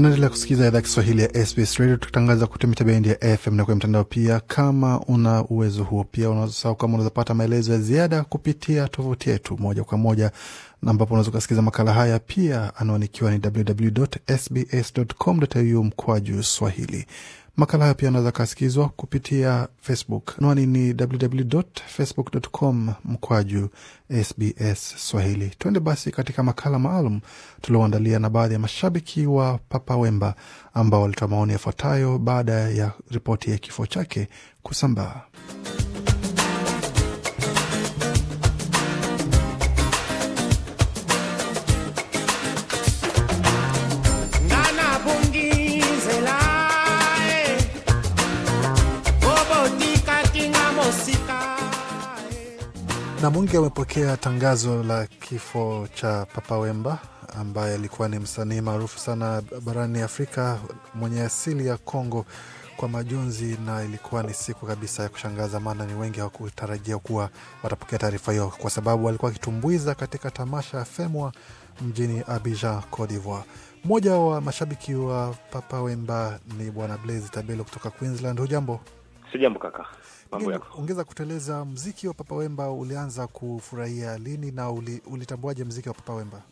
Unaendelea kusikiliza idhaa Kiswahili ya SBS Radio, tukitangaza kupitia mita bendi ya FM na kwenye mtandao pia. Kama una uwezo huo, pia unaweza kama unaweza pata maelezo ya ziada kupitia tovuti yetu moja kwa moja, na ambapo unaweza ukasikiliza makala haya pia, anwanikiwa ni www.sbs.com.au mkwaju Swahili. Makala hayo pia anaweza kasikizwa kupitia Facebook. Anwani ni www.facebook.com mkwaju SBS Swahili. Tuende basi katika makala maalum tulioandalia na baadhi ya mashabiki wa Papa Wemba ambao walitoa maoni yafuatayo baada ya ripoti ya kifo chake kusambaa. Bunge wamepokea tangazo la kifo cha Papa Wemba ambaye alikuwa ni msanii maarufu sana barani Afrika mwenye asili ya Kongo kwa majonzi, na ilikuwa ni siku kabisa ya kushangaza, maana ni wengi hawakutarajia kuwa watapokea taarifa hiyo, kwa sababu alikuwa akitumbuiza katika tamasha ya Femwa mjini Abidjan, Cote d'Ivoire. Mmoja wa mashabiki wa Papa Wemba ni Bwana Blaise Tabelo kutoka Queensland. Hujambo? Sijambo kaka, mambo yako? Ongeza kuteleza. Mziki wa Papa Wemba ulianza kufurahia lini na uli, ulitambuaje mziki wa Papa Wemba?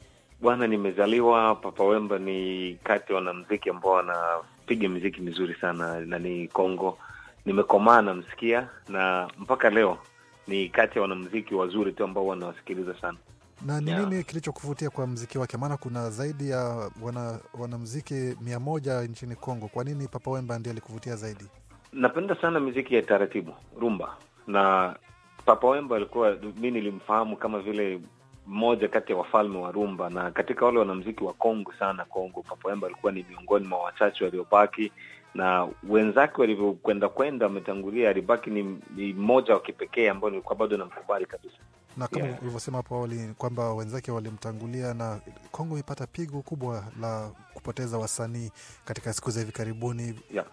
Bwana, nimezaliwa Papa Wemba ni kati ya wanamziki ambao wanapiga mziki mizuri sana na ni Kongo, nimekomaa namsikia na mpaka leo ni kati ya wanamziki wazuri tu ambao wanawasikiliza sana na ni nini yeah, kilichokuvutia kwa mziki wake? Maana kuna zaidi ya wanamziki wana mia moja nchini Kongo. Kwa nini Papa Wemba ndiye alikuvutia zaidi? Napenda sana miziki ya taratibu, rumba na Papa Wemba alikuwa, mi nilimfahamu kama vile mmoja kati ya wafalme wa rumba, na katika wale wanamziki wa Kongo sana Kongo, Papa Wemba alikuwa ni miongoni mwa wachache waliobaki, na wenzake walivyokwenda kwenda wametangulia, alibaki ni mmoja wa kipekee ambao nilikuwa bado namkubali kabisa na kama yeah, ulivyosema hapo awali kwamba wenzake walimtangulia na Kongo imepata pigo kubwa la kupoteza wasanii katika siku za hivi karibuni yeah,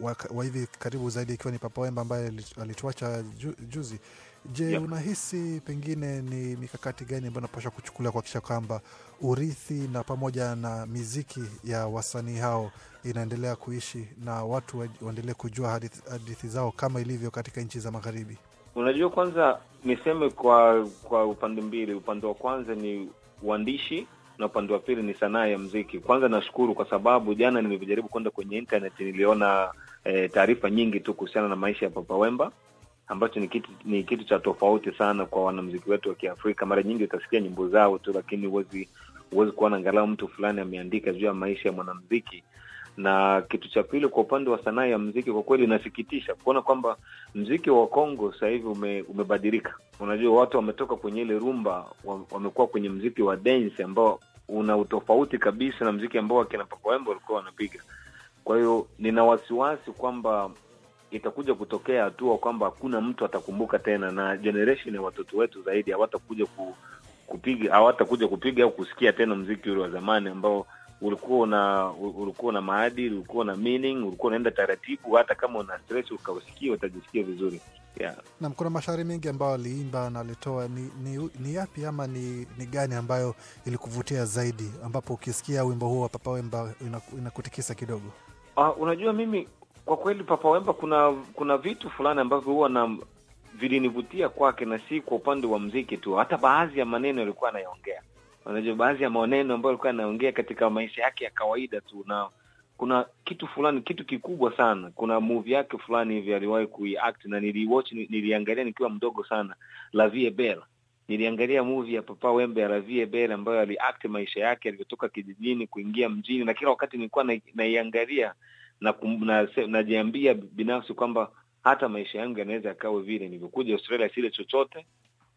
wa, wa hivi karibu zaidi ikiwa ni Papa Wemba ambaye alituacha ju, juzi. Je, yeah, unahisi pengine ni mikakati gani ambayo napasha kuchukulia kuakisha kwamba urithi na pamoja na miziki ya wasanii hao inaendelea kuishi na watu waendelee kujua hadithi, hadithi zao kama ilivyo katika nchi za magharibi? Unajua, kwanza niseme kwa kwa upande mbili, upande wa kwanza ni uandishi na upande wa pili ni sanaa ya mziki. Kwanza nashukuru kwa sababu jana nimejaribu kwenda kwenye internet, niliona e, taarifa nyingi tu kuhusiana na maisha ya Papa Wemba ambacho ni kitu ni kitu cha tofauti sana kwa wanamziki wetu wa Kiafrika. Mara nyingi utasikia nyimbo zao tu, lakini huwezi huwezi kuona angalau mtu fulani ameandika juu ya maisha ya mwanamziki na kitu cha pili, kwa upande wa sanaa ya mziki, kwa kweli inasikitisha kuona kwamba mziki wa Kongo sasa hivi ume, umebadilika. Unajua, watu wametoka kwenye ile rumba, wamekuwa kwenye mziki wa dance ambao una utofauti kabisa na mziki ambao wakina Papa Wembo walikuwa wanapiga. Kwa hiyo nina wasiwasi kwamba itakuja kutokea hatua kwamba hakuna mtu atakumbuka tena, na generation ya watoto wetu zaidi hawatakuja ku, kupiga hawatakuja kupiga au kusikia tena mziki ule wa zamani ambao ulikuwa una ulikuwa na maadili, ulikuwa na meaning, ulikuwa unaenda taratibu, hata kama una stress ukausikia utajisikia vizuri yeah. Nam, kuna mashairi mengi ambayo aliimba na alitoa. Ni, ni, ni yapi ama ni, ni gani ambayo ilikuvutia zaidi, ambapo ukisikia wimbo huo wa Papa Wemba inakutikisa kidogo? Uh, unajua mimi kwa kweli Papa Wemba kuna kuna vitu fulani ambavyo huwa na vilinivutia kwake, na si kwa upande wa mziki tu, hata baadhi ya maneno yalikuwa anayaongea Unajua, baadhi ya maneno ambayo alikuwa anaongea katika maisha yake ya kawaida tu, na kuna kitu fulani, kitu kikubwa sana. Kuna movie yake fulani hivi aliwahi kuiact na niliwatch, niliangalia nikiwa mdogo sana, La Vie Niliangalia movie ya Papa Wembe ya La Vie ambayo aliact maisha yake alivyotoka kijijini kuingia mjini, na kila wakati nilikuwa naiangalia na najiambia na, na binafsi kwamba hata maisha yangu yanaweza yakawe vile nilivyokuja Australia, sile chochote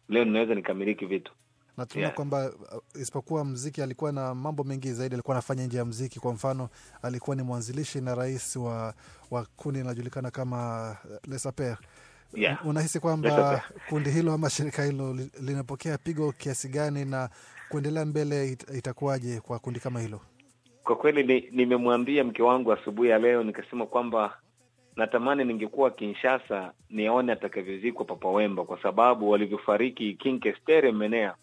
leo ninaweza nikamiliki vitu na tunaona yeah, kwamba uh, isipokuwa mziki alikuwa na mambo mengi zaidi alikuwa anafanya nje ya mziki. Kwa mfano, alikuwa ni mwanzilishi na rais wa, wa kundi linajulikana kama uh, Lesaper. Yeah. Unahisi kwamba kundi hilo ama shirika hilo linapokea pigo kiasi gani na kuendelea mbele itakuwaje kwa kundi kama hilo? Kwa kweli nimemwambia ni mke wangu asubuhi ya leo nikasema kwamba natamani ningekuwa Kinshasa nione atakavyozikwa Papa Wemba, kwa sababu walivyofariki King Kestere Menea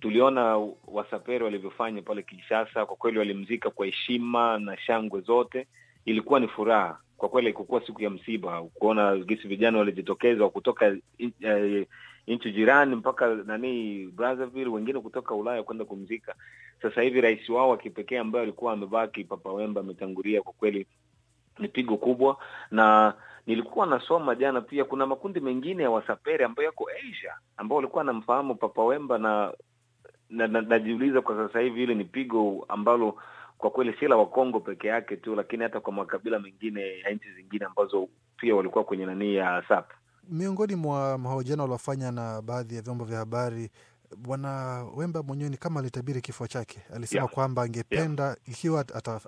tuliona Wasapere walivyofanya pale Kinshasa. Kwa kweli walimzika kwa heshima na shangwe zote, ilikuwa ni furaha kwa kweli. Ikukuwa siku ya msiba, kuona gisi vijana walijitokeza kutoka uh, nchi jirani mpaka nani Brazzaville, wengine kutoka Ulaya kwenda kumzika. Sasa hivi rais wao wa kipekee ambaye alikuwa amebaki Papa Wemba ametangulia. Kwa kweli ni pigo kubwa, na nilikuwa nasoma jana pia kuna makundi mengine ya Wasapere ambayo yako Asia ambao walikuwa wanamfahamu Papa Wemba na najiuliza na, na, kwa sasa hivi ile ni pigo ambalo kwa kweli si la Wakongo peke yake tu, lakini hata kwa makabila mengine ya nchi zingine ambazo pia walikuwa kwenye nanii ya SAP. Miongoni mwa mahojiano waliofanya na baadhi ya vyombo vya habari, Bwana Wemba mwenyewe ni kama alitabiri kifo chake. Alisema yeah, kwamba angependa yeah, ikiwa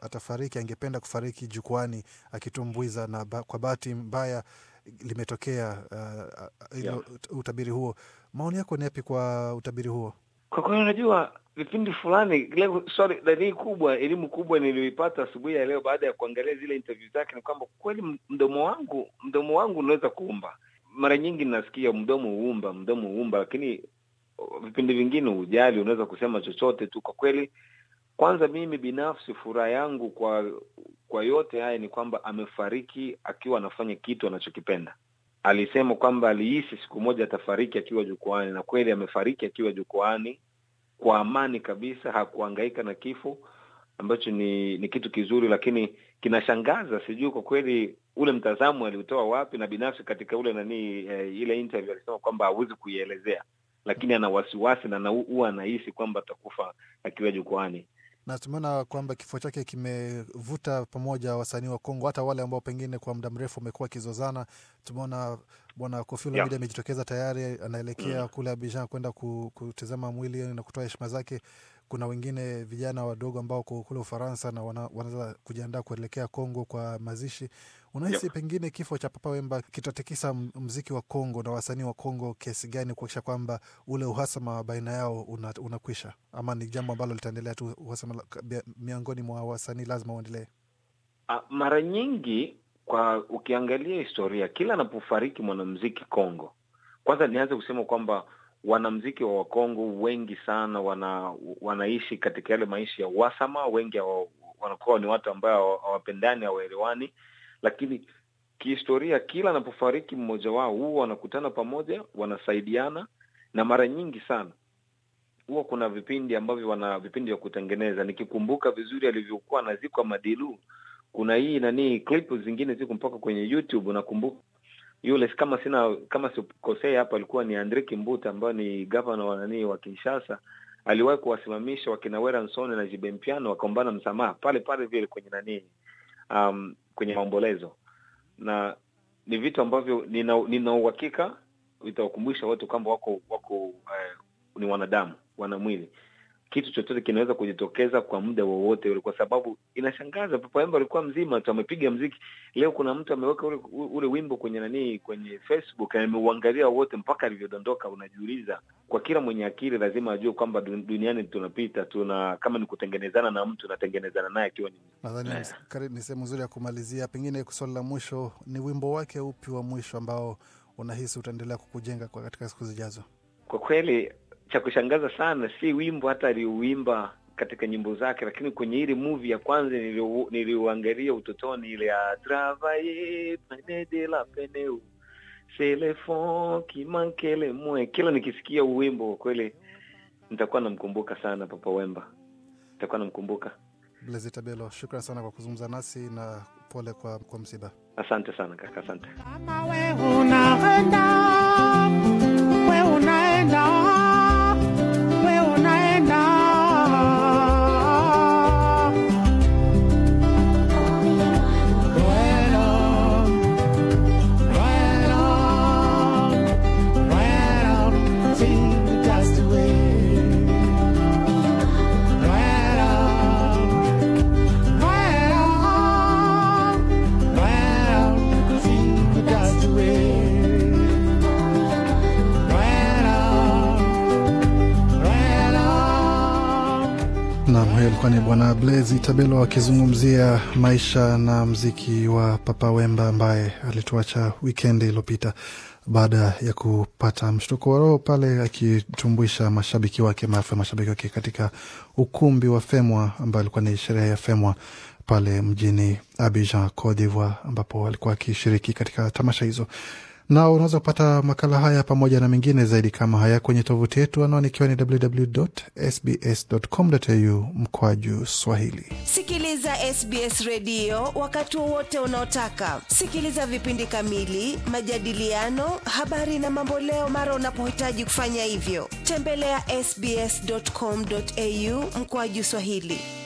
atafariki angependa kufariki jukwani akitumbwiza na ba, kwa bahati mbaya limetokea uh, uh yeah, utabiri huo. Maoni yako ni yapi kwa utabiri huo? Kwa kweli, unajua vipindi fulani leo, sorry, nanii kubwa elimu kubwa niliyoipata asubuhi ya leo baada ya kuangalia zile interview zake ni kwamba kweli mdomo wangu mdomo wangu unaweza kuumba. Mara nyingi nasikia mdomo uumba mdomo uumba lakini vipindi vingine ujali unaweza kusema chochote tu. Kwa kweli, kwanza mimi binafsi furaha yangu kwa kwa yote haya ni kwamba amefariki akiwa anafanya kitu anachokipenda alisema kwamba alihisi siku moja atafariki akiwa jukwani na kweli amefariki akiwa jukwani kwa amani kabisa, hakuangaika na kifo ambacho ni, ni kitu kizuri, lakini kinashangaza. Sijui kwa kweli ule mtazamo aliutoa wapi, na binafsi katika ule nani e, ile interview alisema kwamba hawezi kuielezea, lakini ana wasiwasi na huwa anahisi kwamba atakufa akiwa jukwani na tumeona kwamba kifo chake kimevuta pamoja wasanii wa Kongo, hata wale ambao pengine kwa muda mrefu wamekuwa wakizozana. Tumeona bwana Koffi Olomide amejitokeza tayari anaelekea mm, kule Abidjan kwenda kutizama mwili na kutoa heshima zake. Kuna wengine vijana wadogo ambao kule Ufaransa na wanaweza kujiandaa kuelekea Kongo kwa mazishi. Unahisi yep, pengine kifo cha Papa Wemba kitatikisa mziki wa Kongo na wasanii wa Kongo kiasi gani kuakisha kwamba ule uhasama wa baina yao unakwisha una, ama ni jambo ambalo litaendelea tu, uhasama miongoni mwa wasanii lazima uendelee? Ah, mara nyingi kwa ukiangalia historia, kila anapofariki mwanamziki Kongo, kwanza nianze kusema kwamba wanamziki wa Wakongo wengi sana wana, wanaishi katika yale maisha ya uhasama. Wengi wanakuwa ni watu ambayo hawapendani, hawaelewani, lakini kihistoria, kila anapofariki mmoja wao huwa wanakutana pamoja, wanasaidiana, na mara nyingi sana huwa kuna vipindi ambavyo wana vipindi vya kutengeneza. Nikikumbuka vizuri alivyokuwa anazikwa Madilu, kuna hii nani clip zingine ziko mpaka kwenye YouTube. Unakumbuka yule kama sina kama sikosea hapa, alikuwa ni Andre Kimbuta ambaye ni gavana wa nani wa Kinshasa, aliwahi kuwasimamisha wakina Weransone na Jibempiano, wakaombana msamaha pale pale vile kwenye nani um, kwenye maombolezo, na ni vitu ambavyo nina uhakika vitawakumbusha watu kwamba wako wako eh, ni wanadamu, wana mwili kitu chochote kinaweza kujitokeza kwa muda wowote ule, kwa sababu inashangaza. Pepa alikuwa mzima tu, amepiga mziki. Leo kuna mtu ameweka ule, ule wimbo kwenye nani, kwenye Facebook, ameuangalia wote mpaka alivyodondoka. Unajiuliza, kwa kila mwenye akili lazima ajue kwamba duniani tunapita, tuna kama ni kutengenezana na mtu natengenezana naye akiwa. Nadhani eh. ni sehemu nzuri ya kumalizia. Pengine swali la mwisho ni wimbo wake upi wa mwisho ambao unahisi utaendelea kukujenga kwa katika siku zijazo? Kwa kweli cha kushangaza sana, si wimbo hata aliuimba katika nyimbo zake, lakini kwenye ile movie ya kwanza niliuangalia utotoni, ile ya travaye la peneu kimankele mwe, kila nikisikia uwimbo kweli nitakuwa namkumbuka sana Papa Wemba, nitakuwa namkumbuka. Blaise Tabelo, shukran sana kwa kuzungumza nasi na pole kwa, kwa msiba. Asante sana kaka, asante. alikuwa ni bwana Blazi Tabelo akizungumzia maisha na mziki wa Papa Wemba ambaye alituacha wikendi iliyopita baada ya kupata mshtuko wa roho pale akitumbuisha mashabiki wake, maafa ya mashabiki wake katika ukumbi wa Femwa ambayo alikuwa ni sherehe ya Femwa pale mjini Abidjan, Cote d'Ivoire, ambapo alikuwa akishiriki katika tamasha hizo na unaweza kupata makala haya pamoja na mengine zaidi kama haya kwenye tovuti yetu, anwani ikiwa ni www.sbs.com.au mkwaju Swahili. Sikiliza SBS redio wakati wowote unaotaka. Sikiliza vipindi kamili, majadiliano, habari na mamboleo mara unapohitaji kufanya hivyo. Tembelea ya sbs.com.au juu Swahili.